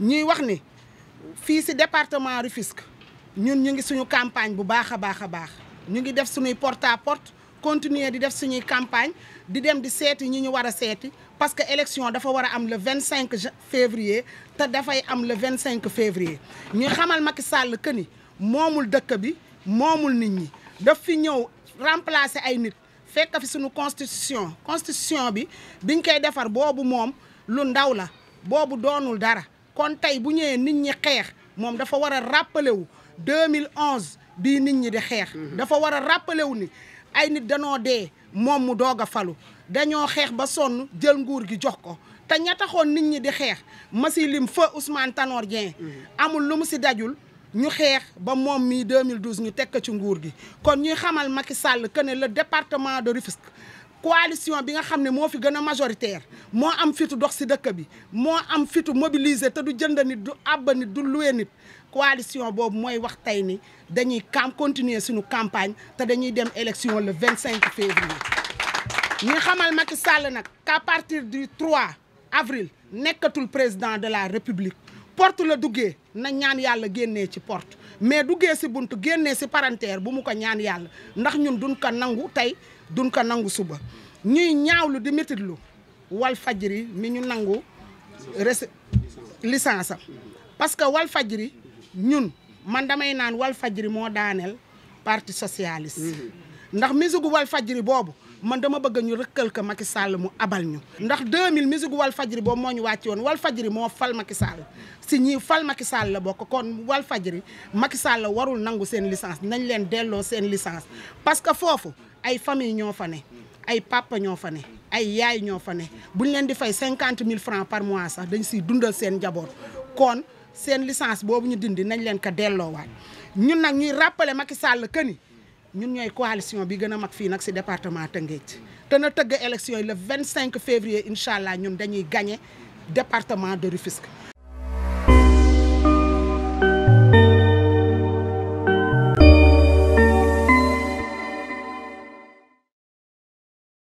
ñuy wax ni fii si département Rufisque ñun nous ngi suñu campagne bu baax a baax a baax ñu ngi def porte à porte continuer di def suñuy campagne di dem di seeti ñi ñu war a parce que élection dafa war am le 25 février te dafay am le 25 février ñu xamal Macky Sall que ni moomul dëkk bi moomul nit ñi daf fi ñëw remplacer ay nit fekk fi suñu constitution constitution bi biñ koy defar bobu mom lu ndaw la bobu doonul dara kon tay bu ñëwé nit ñi dafa rappelé wu 2011 bi nit ñi di xeex. Mhm. dafa rappelé wu ni ay nit dañoo dé mom mu doga dañoo ba sonn jël nguur gi jox ko. ña nit ñi di Ousmane mhm. amul dajul ñu ba qui 2012 ñu tek ci nguur gi kon ñuy xamal Macky Sall que le département de Rufisque coalition bi nga xamné ne fi gëna majoritaire mo am fitu dox ci dëkk bi mo am fitu mobiliser te du jënd nit du àbb nit du luwe nit coalition bobu moy wax tay ni dañuy cam continuer suñu campagne te dañuy dem élection le 25 février ñi xamal Macky Sall nak qu'à partir du 3 avril nekkatul président de la république porte la duggee na ñaan yàlla génnee ci porte mais duggee si bunt génnee si paranteer bu mu ko ñaan yàlla ndax ñun duñ ko nangu tey duñ ko nangu suba ñuy ñaawlu di métitlu wal fajiri mi ñu nangu licence am parce que wal fajiri ñun man damay naan wal fajiri moo daaneel parti socialiste mm-hmm. ndax misigu wal fajri boobu man dama bëgg ñu rëkkal ko Macky Sall mu abal ñu ndax 2000 musique wal fajri boobu moo ñu wàcc woon wal fajri moo fal Macky Sall si ñii fal Macky Sall la bokk kon wal fajri Macky Sall warul nangu seen licence nañ leen delloo seen licence parce que foofu ay famille ñoo fa ne ay papa fa ne ay yaay ñoo fa buñ leen di fay cinquante mille francs par mois sax dañu siy dundal seen njaboot kon seen licence boobu ñu dindi nañ leen ko delloowaat ñun nag ñuy rappeler Macky Sall que ñun ñooy coalition bi gën a mag fii nag si département Tëngéej te na tëgg élection yi vingt cinq février incha allah ñun dañuy gagné département de Rufisque.